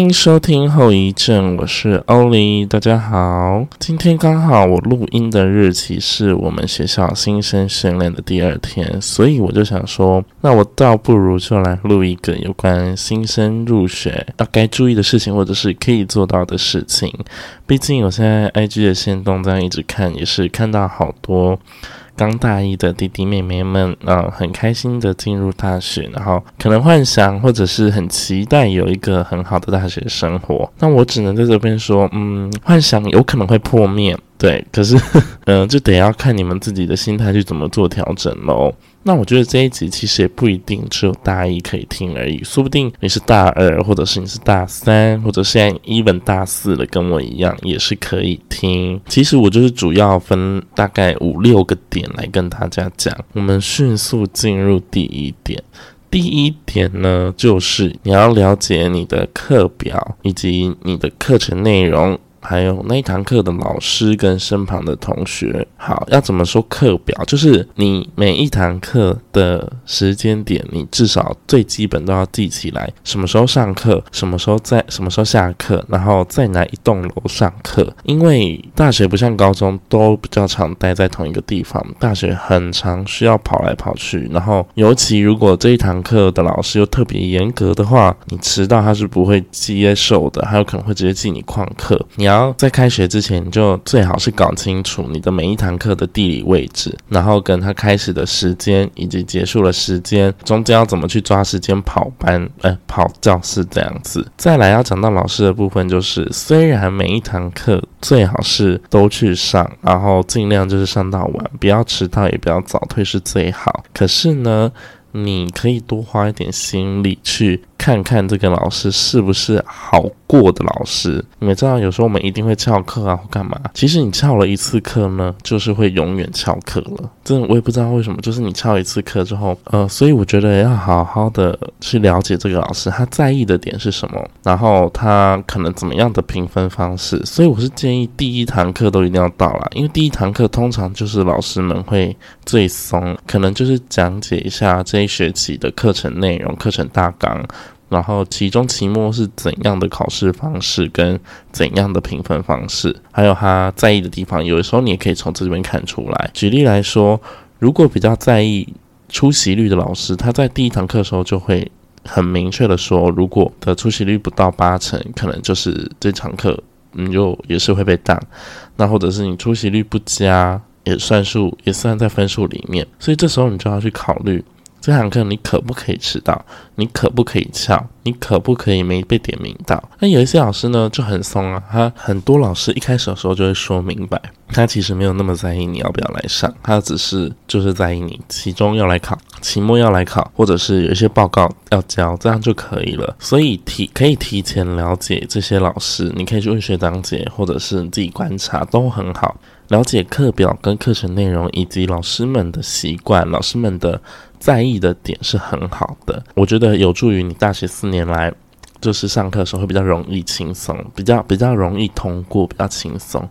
歡迎收聽後遺症，我是歐莉，大家好。今天剛好我錄音的日期是我們學校新生訓練的第二天，所以我就想說，那我倒不如就來錄一個有關新生入學要該注意的事情，或者是可以做到的事情。畢竟我現在 IG 的限動在一直看，也是看到好多。剛大一的弟弟妹妹們，呃、啊，很開心的進入大學，然後可能幻想或者是很期待有一個很好的大學生活。那我只能在這邊說，嗯，幻想有可能會破滅，對，可是，嗯、呃，就得要看你們自己的心態去怎麼做調整嘍。那我覺得這一集其實也不一定只有大一可以聽而已，說不定你是大二，或者是你是大三，或者現在一 v 大四了，跟我一樣也是可以聽。其實我就是主要分大概五六個點來跟大家講。我們迅速進入第一點，第一點呢就是你要了解你的課表以及你的課程內容。還有那一堂課的老師跟身旁的同學，好，要怎麼說課表？就是你每一堂課的時間點，你至少最基本都要記起來，什麼時候上課，什麼時候在，什麼時候下課，然後在哪一棟樓上課。因為大學不像高中，都比較常待在同一個地方，大學很常需要跑來跑去。然後尤其如果這一堂課的老師又特別嚴格的話，你遲到他是不會接受的，還有可能會直接記你曠課。你要。然後在開學之前，你就最好是搞清楚你的每一堂課的地理位置，然後跟他開始的時間以及結束了時間，中間要怎麼去抓時間跑班，呃，跑教室這樣子。再來要講到老師的部分，就是雖然每一堂課最好是都去上，然後盡量就是上到晚，不要遲到，也不要早退是最好。可是呢，你可以多花一點心力去。看看這個老師是不是好過的老師？你們知道，有時候我們一定會翹課啊，或幹嘛？其實你翹了一次課呢，就是會永遠翹課了。這我也不知道為什麼，就是你翹一次課之後，呃，所以我覺得要好好的去了解這個老師，他在意的點是什麼，然後他可能怎麼樣的評分方式。所以我是建議第一堂課都一定要到啦，因為第一堂課通常就是老師們會最鬆，可能就是講解一下這一學期的課程內容、課程大綱。然後，期中期末是怎樣的考試方式，跟怎樣的評分方式，還有他在意的地方，有的時候你也可以從這裡面看出來。舉例來說，如果比較在意出席率的老師，他在第一堂課的時候就會很明確的說，如果的出席率不到八成，可能就是這堂課你就也是會被當。那或者是你出席率不佳，也算數，也算在分數裡面。所以這時候你就要去考慮。這堂課你可不可以遲到？你可不可以翹？你可不可以沒被點名到？那有一些老師呢，就很鬆啊，他很多老師一開始的時候就會說明白，他其實沒有那麼在意你要不要來上，他只是就是在意你期中要來考，期末要來考，或者是有一些報告要交，這樣就可以了。所以提可以提前了解這些老師，你可以去問學長姐，或者是你自己觀察，都很好。了解課表跟課程內容，以及老師們的習慣，老師們的在意的點是很好的，我覺得有助於你大學四年來，就是上課的時候會比較容易輕鬆，比較比較容易通過，比較輕鬆。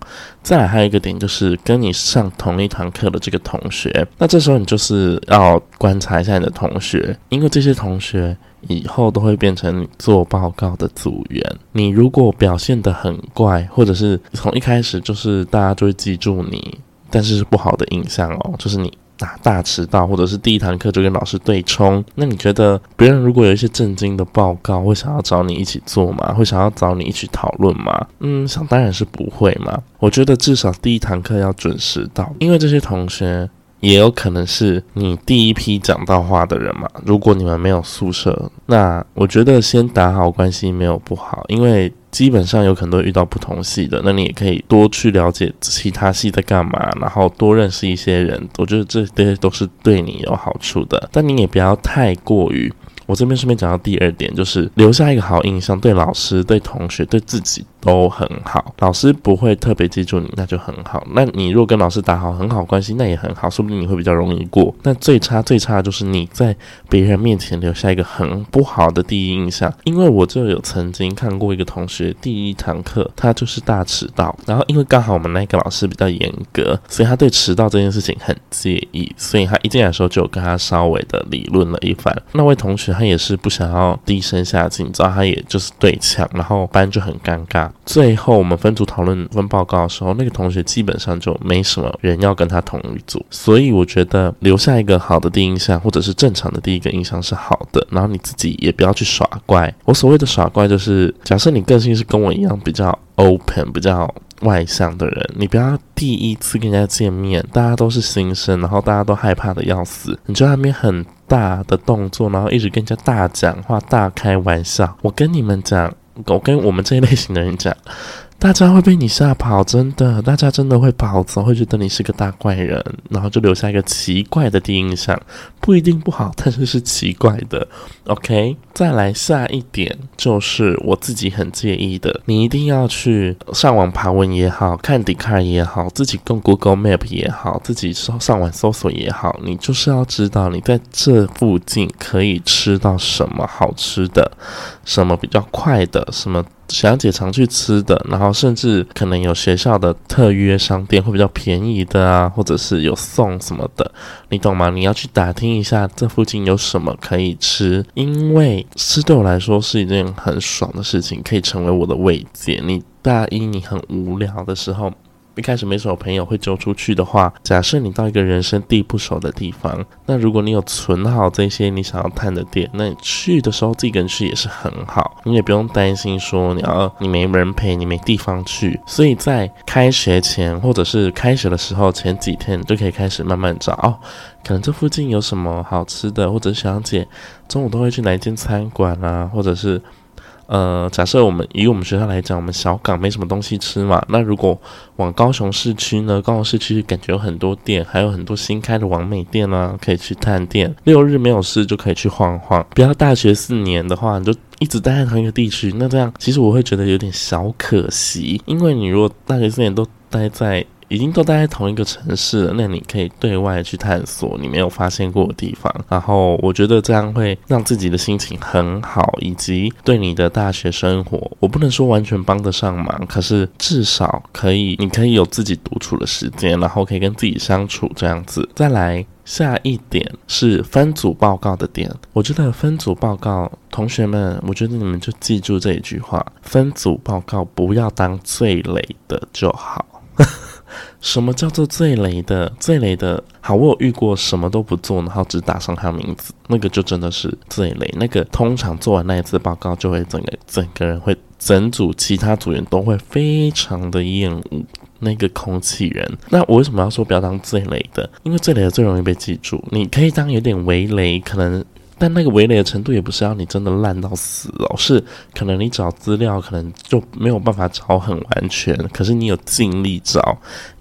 再來還有一個點就是跟你上同一堂課的這個同學，那這時候你就是要觀察一下你的同學，因為這些同學。以後都會變成做報告的組員。你如果表現得很怪，或者是從一開始就是大家就會記住你，但是是不好的印象哦。就是你大，大遲到，或者是第一堂課就跟老師對沖。那你覺得別人如果有一些震驚的報告，會想要找你一起做嗎？會想要找你一起討論嗎？嗯，想當然是不會嘛。我覺得至少第一堂課要準時到，因為這些同學。也有可能是你第一批講到話的人嘛。如果你們沒有宿舍，那我覺得先打好關係沒有不好，因為基本上有可能會遇到不同系的，那你也可以多去了解其他系在幹嘛，然後多認識一些人，我覺得這些都是對你有好處的。但你也不要太過於……我這邊順便講到第二點，就是留下一個好印象，對老師、對同學、對自己。都很好，老師不會特別記住你，那就很好。那你如果跟老師打好很好關係，那也很好，說不定你會比較容易過。那最差最差的就是你在別人面前留下一個很不好的第一印象。因為我就有曾經看過一個同學，第一堂課他就是大遲到，然後因為剛好我們那個老師比較嚴格，所以他對遲到這件事情很介意，所以他一進來的時候就有跟他稍微的理論了一番。那位同學他也是不想要低聲下氣，你知道他也就是對嗆，然後班就很尷尬。最後我們分組討論分報告的時候，那個同學基本上就沒什麼人要跟他同一組，所以我覺得留下一個好的第一印象，或者是正常的第一個印象是好的。然後你自己也不要去耍怪。我所謂的耍怪，就是假設你個性是跟我一樣比較 open、比較外向的人，你不要第一次跟人家見面，大家都是新生，然後大家都害怕得要死，你就那邊很大的動作，然後一直跟人家大講話、大開玩笑。我跟你們講。狗跟我們這一類型的人講。大家會被你嚇跑，真的，大家真的會跑走，會覺得你是個大怪人，然後就留下一個奇怪的第一印象，不一定不好，但是是奇怪的。OK，再來下一點，就是我自己很介意的，你一定要去上網爬文也好，看迪卡也好，自己用 Google Map 也好，自己上網搜索也好，你就是要知道你在這附近可以吃到什麼好吃的，什麼比較快的，什麼。小姐常去吃的，然後甚至可能有學校的特約商店會比較便宜的啊，或者是有送什麼的，你懂嗎？你要去打聽一下這附近有什麼可以吃，因為吃對我來說是一件很爽的事情，可以成為我的慰藉。你大一你很無聊的時候。一開始沒什麼朋友會揪出去的話，假設你到一個人生地不熟的地方，那如果你有存好這些你想要探的店，那你去的時候自己跟去也是很好，你也不用擔心說你要你沒人陪你沒地方去。所以在開學前或者是開學的時候前幾天，你就可以開始慢慢找，哦，可能這附近有什麼好吃的，或者小，小姐中午都會去哪一間餐館啊，或者是。呃，假設我們以我們學校來講，我們小港沒什麼東西吃嘛。那如果往高雄市區呢？高雄市區感覺有很多店，還有很多新開的網美店啊，可以去探店，六日沒有事就可以去晃晃。不要大學四年的話，你就一直待在同一個地區，那這樣其實我會覺得有點小可惜，因為你如果大學四年都待在。已經都待在同一個城市了，那你可以對外去探索你沒有發現過的地方。然後我覺得這樣會讓自己的心情很好，以及對你的大學生活，我不能說完全幫得上忙，可是至少可以，你可以有自己獨處的時間，然後可以跟自己相處這樣子。再來下一點是分組報告的點，我覺得分組報告，同學們，我覺得你們就記住這一句話：分組報告不要當最累的就好。 什麼叫做最雷的？最雷的好，我有遇過什麼都不做，然後只打上他的名字，那個就真的是最雷。那個通常做完那一次報告，就會整個整個人會整組其他組員都會非常的厭惡那個空氣人。那我為什麼要說不要當最雷的？因為最雷的最容易被記住。你可以當有點微雷，可能。但那個圍累的程度也不是要你真的爛到死哦，是可能你找資料可能就沒有辦法找很完全，可是你有盡力找。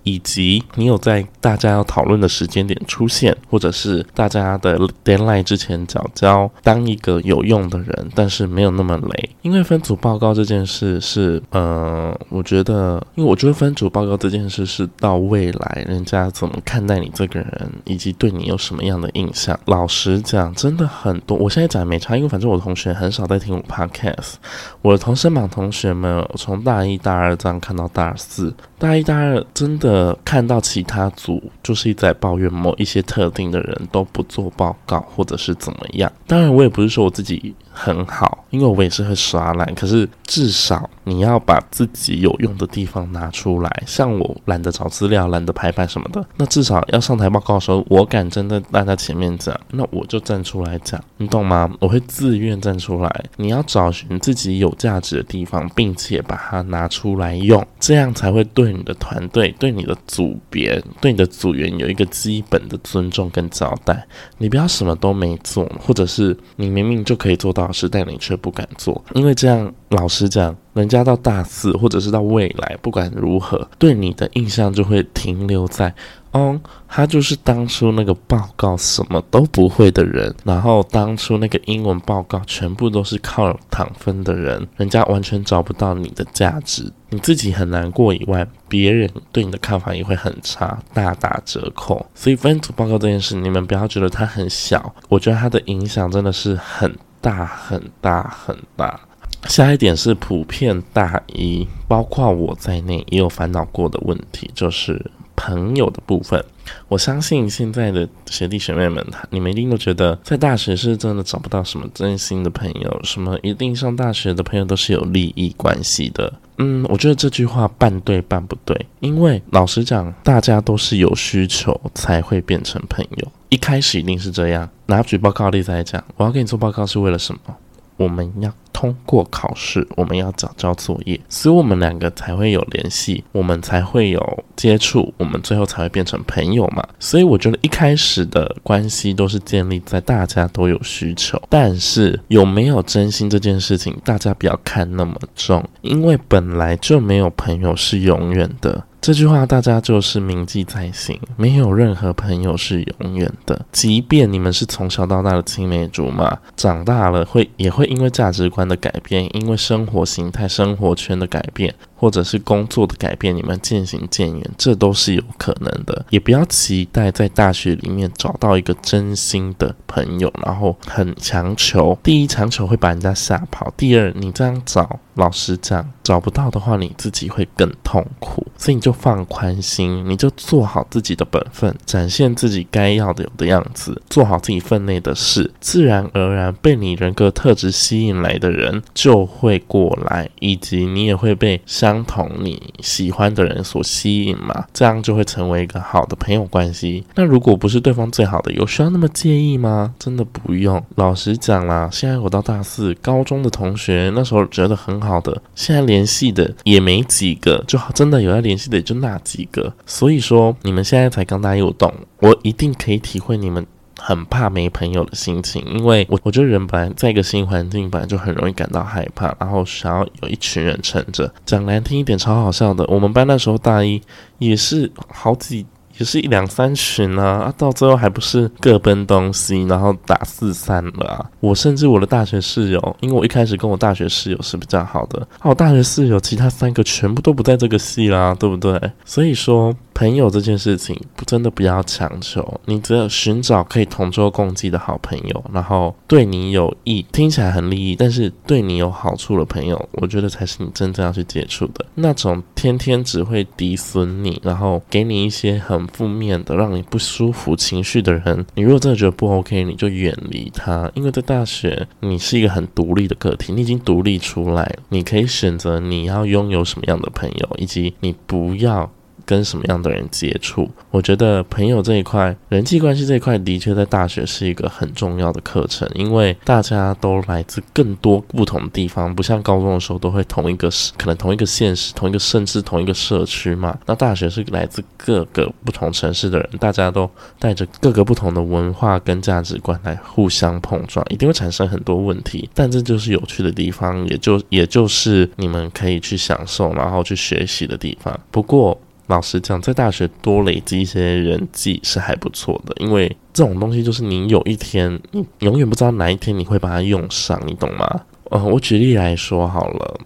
以及你有在大家要討論的時間點出現，或者是大家的 deadline 之前繳交，當一個有用的人，但是沒有那麼累。因為分組報告這件事是，呃，我覺得，因為我覺得分組報告這件事是到未來人家怎麼看待你這個人，以及對你有什麼樣的印象。老實講，真的很多。我現在講沒差，因為反正我的同學很少在聽我 podcast。我的同聲榜同學們從大一大二這樣看到大四，大一大二真的。呃，看到其他組就是一直在抱怨某一些特定的人都不做報告，或者是怎麼樣。當然，我也不是說我自己很好，因為我也是會耍懶。可是至少你要把自己有用的地方拿出來，像我懶得找資料、懶得排版什麼的。那至少要上台報告的時候，我敢站在大家前面講，那我就站出來講，你懂嗎？我會自願站出來。你要找尋自己有價值的地方，並且把它拿出來用，這樣才會對你的團隊，對你。的組別，對你的組員有一個基本的尊重跟交代。你不要什麼都沒做，或者是你明明就可以做到的事，但你卻不敢做，因為這樣老實講，人家到大四或者是到未來，不管如何，對你的印象就會停留在。哦，他就是當初那個報告，什麼都不會的人，然後當初那個英文報告全部都是靠躺分的人，人家完全找不到你的價值，你自己很難過以外，別人對你的看法也會很差，大打折扣。所以分組報告這件事，你們不要覺得它很小，我覺得它的影響真的是很大很大很大。下一點是普遍大一，包括我在內也有煩惱過的問題，就是。朋友的部分，我相信現在的學弟學妹們，你們一定都覺得在大學是真的找不到什麼真心的朋友，什麼一定上大學的朋友都是有利益關係的。嗯，我覺得這句話半對半不對，因為老實講，大家都是有需求才會變成朋友，一開始一定是這樣。拿舉報告例子來講，我要給你做報告是為了什麼？我們要通過考試，我們要找交作業，所以我們兩個才會有聯繫，我們才會有接觸，我們最後才會變成朋友嘛。所以我覺得一開始的關係都是建立在大家都有需求，但是有沒有真心這件事情，大家不要看那麼重，因為本來就沒有朋友是永遠的。這句話大家就是銘記在心，沒有任何朋友是永遠的，即便你們是從小到大的青梅竹馬，長大了會也會因為價值觀的改變，因為生活形態、生活圈的改變。或者是工作的改變，你們漸行漸遠，這都是有可能的。也不要期待在大學裡面找到一個真心的朋友，然後很強求。第一，強求會把人家嚇跑；第二，你這樣找，老實講，找不到的話，你自己會更痛苦。所以你就放寬心，你就做好自己的本分，展現自己該要的有的樣子，做好自己份內的事，自然而然被你人格特質吸引來的人就會過來，以及你也會被下相同你喜歡的人所吸引嘛，這樣就會成為一個好的朋友關係。那如果不是對方最好的，有需要那麼介意嗎？真的不用。老實講啦、啊，現在我到大四，高中的同學那時候覺得很好的，現在聯繫的也沒幾個，就好真的有要聯繫的也就那幾個。所以說，你們現在才剛大一，我懂，我一定可以體會你們。很怕沒朋友的心情，因為我我覺得人本來在一個新環境，本來就很容易感到害怕，然後想要有一群人撐着。講難聽一點，超好笑的，我們班那時候大一也是好幾。可是一兩三群呢、啊，啊，到最後還不是各奔東西，然後打四散了、啊。我甚至我的大學室友，因為我一開始跟我大學室友是比較好的，啊，我大學室友其他三個全部都不在這個系啦，對不對？所以說，朋友這件事情不真的不要強求，你只有尋找可以同舟共濟的好朋友，然後對你有益，聽起來很利益，但是對你有好處的朋友，我覺得才是你真正要去接觸的。那種天天只會詆損你，然後給你一些很。負面的讓你不舒服情緒的人，你如果真的覺得不 OK，你就遠離他。因為在大學，你是一個很獨立的個體，你已經獨立出來，你可以選擇你要擁有什麼樣的朋友，以及你不要。跟什麼樣的人接觸？我覺得朋友這一塊，人際關係這一塊，的確在大學是一個很重要的課程，因為大家都來自更多不同的地方，不像高中的時候都會同一個市，可能同一個縣市，同一個甚至同一個社區嘛。那大學是來自各個不同城市的人，大家都帶着各個不同的文化跟價值觀來互相碰撞，一定會產生很多問題。但這就是有趣的地方，也就也就是你們可以去享受，然後去學習的地方。不過。老實講，在大學多累積一些人際是還不錯的，因為這種東西就是你有一天，你永遠不知道哪一天你會把它用上，你懂嗎？呃、嗯，我舉例來說好了，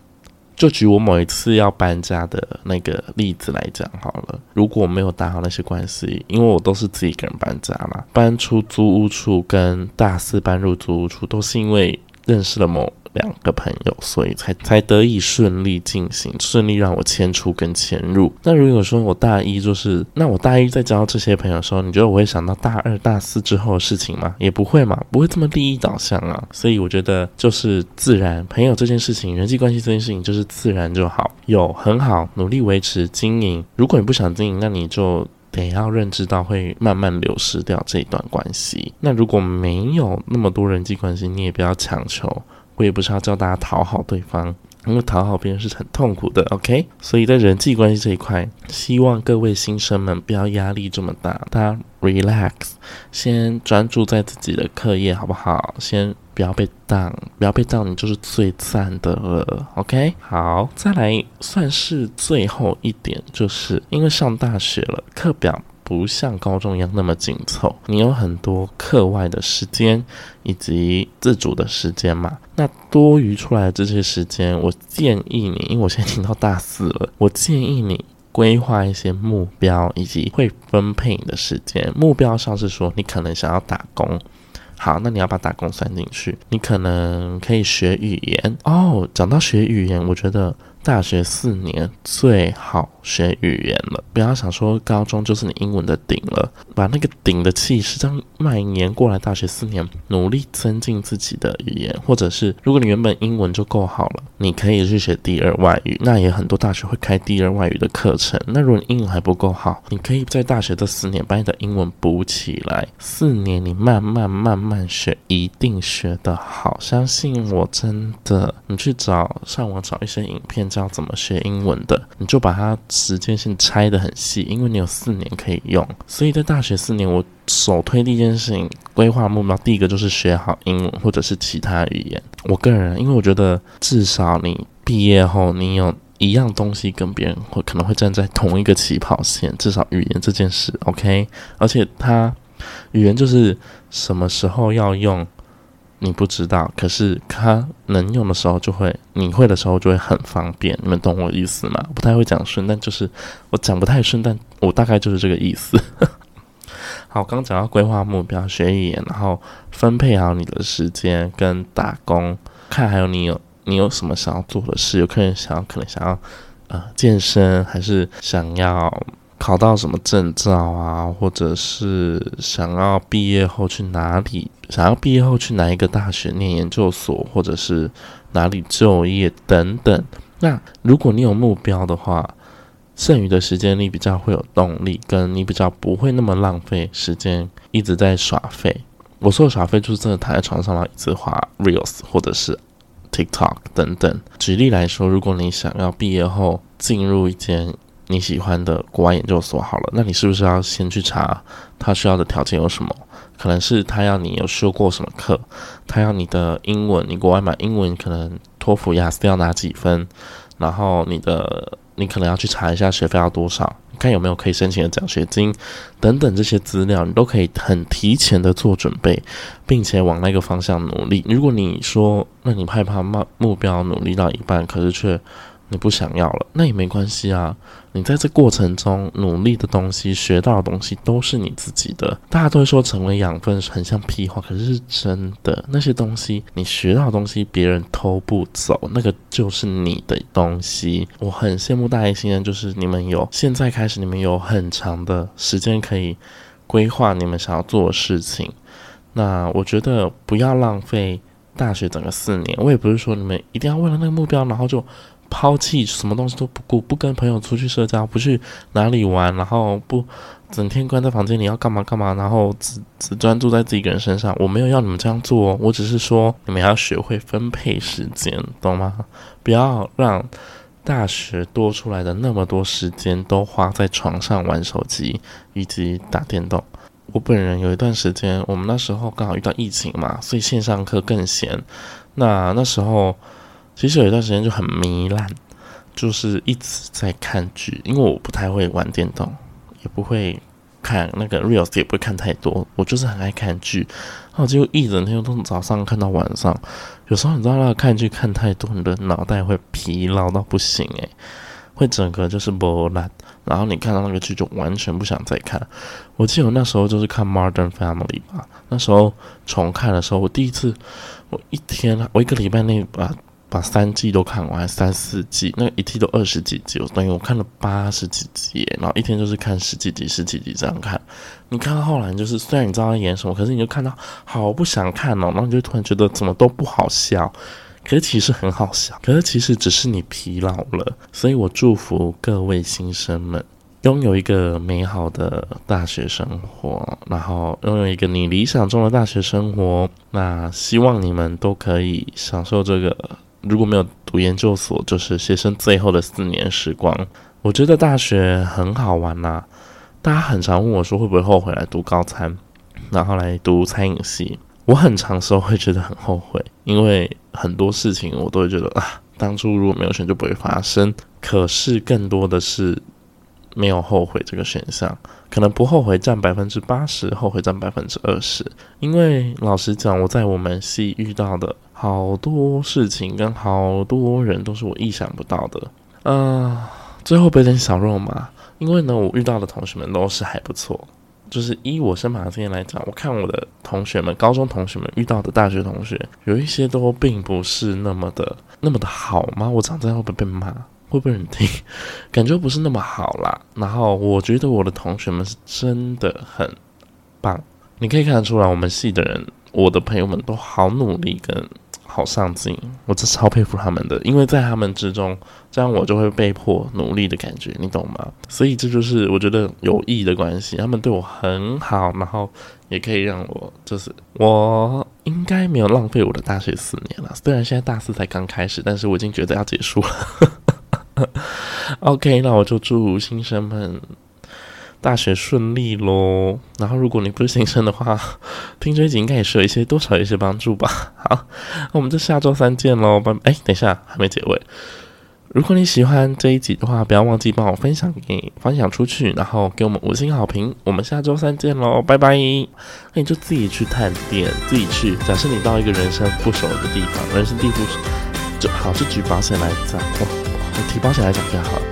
就舉我某一次要搬家的那個例子來講好了。如果沒有打好那些關係，因為我都是自己一個人搬家嘛，搬出租屋處跟大四搬入租屋處都是因為認識了某。兩個朋友，所以才才得以順利進行，順利讓我遷出跟遷入。那如果說我大一就是，那我大一在交這些朋友的時候，你覺得我會想到大二、大四之後的事情嗎？也不會嘛，不會這麼利益導向啊。所以我覺得就是自然，朋友這件事情，人際關係這件事情就是自然就好。有很好，努力維持經營。如果你不想經營，那你就得要認知到會慢慢流失掉這一段關係。那如果沒有那麼多人際關係，你也不要強求。也不是要教大家討好對方，因為討好別人是很痛苦的。OK，所以在人際關係這一塊，希望各位新生們不要壓力這麼大，大家 relax，先專注在自己的課業，好不好？先不要被當，不要被當，你就是最讚的了。OK，好，再來算是最後一點，就是因為上大學了，課表，不像高中一樣那麼緊湊，你有很多課外的時間以及自主的時間嘛。那多餘出來的這些時間，我建議你，因為我現在已經到大四了，我建議你規劃一些目標，以及會分配你的時間。目標上是說，你可能想要打工，好，那你要把打工算進去。你可能可以學語言哦。講到學語言，我覺得。大學四年最好學語言了，不要想說高中就是你英文的頂了，把那個頂的氣勢這樣蔓延過來。大學四年努力增進自己的語言，或者是如果你原本英文就夠好了，你可以去學第二外語。那也很多大學會開第二外語的課程。那如果你英文還不夠好，你可以在大學的四年把你的英文補起來。四年你慢慢慢慢學，一定學得好。相信我真的，你去找，上網找一些影片。教怎麼學英文的，你就把它時間線拆得很細，因為你有四年可以用。所以在大學四年，我首推第一件事情，規劃目標，第一個就是學好英文，或者是其他語言。我個人，因為我覺得至少你畢業後，你有一樣東西跟別人會可能會站在同一個起跑線，至少語言這件事，OK。而且它語言就是什麼時候要用。你不知道，可是他能用的時候就會，你會的時候就會很方便。你們懂我意思嗎？不太會講順，但就是我講不太順，但我大概就是這個意思。 好，我剛講到規劃目標、學業，然後分配好你的時間跟打工，看還有你有你有什麼想要做的事。有客人想要，可能想要呃健身，還是想要。考到什麼證照啊，或者是想要畢業後去哪裡？想要畢業後去哪一個大學念研究所，或者是哪裡就業等等。那如果你有目標的話，剩餘的時間你比較會有動力，跟你比較不會那麼浪費時間一直在耍廢。我說的耍廢就是躺在床上了，一直滑 Reels 或者是 TikTok 等等。舉例來說，如果你想要畢業後進入一間。你喜歡的國外研究所好了，那你是不是要先去查他需要的條件有什麼？可能是他要你有修過什麼課，他要你的英文，你國外嘛，英文可能托福、雅思要拿幾分，然後你的你可能要去查一下學費要多少，看有沒有可以申請的獎學金等等這些資料，你都可以很提前的做準備，並且往那個方向努力。如果你說，那你害怕目目標努力到一半，可是卻你不想要了，那也沒關係啊。你在這過程中努力的東西、學到的東西都是你自己的。大家都會說成為養分很像屁話，可是是真的，那些東西你學到的東西，別人偷不走，那個就是你的東西。我很羨慕大一新生，就是你們有現在開始，你們有很長的時間可以規劃你們想要做的事情。那我覺得不要浪費大學整個四年。我也不是說你們一定要為了那個目標，然後就。拋棄什麼東西都不顧，不跟朋友出去社交，不去哪裡玩，然後不整天關在房間裡要幹嘛幹嘛，然後只只專注在自己一個人身上。我沒有要你們這樣做，我只是說你們要學會分配時間，懂嗎？不要讓大學多出來的那麼多時間都花在床上玩手機以及打電動。我本人有一段時間，我們那時候剛好遇到疫情嘛，所以線上課更閒。那那時候。其實有一段時間就很糜爛，就是一直在看劇，因為我不太會玩電動，也不會看那個 Reels，也不會看太多，我就是很愛看劇，然後就一整天都早上看到晚上。有時候你知道，那個看劇看太多，你的腦袋會疲勞到不行、欸，誒，會整個就是波爛，然後你看到那個劇就完全不想再看。我記得我那時候就是看《Modern Family》吧，那時候重看的時候，我第一次，我一天，我一個禮拜內把。啊把三季都看完，三四季那一季都二十幾集，我等於我看了八十幾集，然後一天就是看十幾集、十幾集這樣看。你看到後來，就是雖然你知道他演什麼，可是你就看到好不想看哦，然後你就突然覺得怎麼都不好笑，可是其實很好笑，可是其實只是你疲勞了。所以我祝福各位新生們擁有一個美好的大學生活，然後擁有一個你理想中的大學生活。那希望你們都可以享受這個。如果沒有讀研究所，就是學生最後的四年時光。我覺得大學很好玩吶、啊，大家很常問我說會不會後悔來讀高餐，然後來讀餐飲系。我很常說會覺得很後悔，因為很多事情我都會覺得啊，當初如果沒有選就不會發生。可是更多的是沒有後悔這個選項，可能不後悔佔百分之八十，後悔佔百分之二十。因為老實講，我在我們系遇到的。好多事情跟好多人都是我意想不到的啊、呃！最後被點小肉麻，因為呢，我遇到的同學們都是還不錯。就是依我身旁的經驗來講，我看我的同學們，高中同學們遇到的大學同學，有一些都並不是那麼的那麼的好嘛。我常在後邊被罵，會被人聽，感覺不是那麼好啦。然後我覺得我的同學們是真的很棒，你可以看得出來，我們系的人，我的朋友們都好努力跟好上進，我真是超佩服他們的，因為在他們之中，這樣我就會被迫努力的感覺，你懂嗎？所以這就是我覺得有意義的關係。他們對我很好，然後也可以讓我就是我應該沒有浪費我的大學四年了。雖然現在大四才剛開始，但是我已經覺得要結束了。 OK，那我就祝新生們大學順利嘍，然後如果你不是新生的話，聽這一集應該也是有一些多少一些幫助吧。好，那我們就下周三見嘍，拜。哎，等一下，還沒結尾。如果你喜歡這一集的話，不要忘記幫我分享給分享出去，然後給我們五星好評。我們下周三見嘍，拜拜。那你就自己去探店，自己去。假設你到一個人生不熟的地方，人生地不熟，就好就舉保險來講，哦，提保險來講比較好了。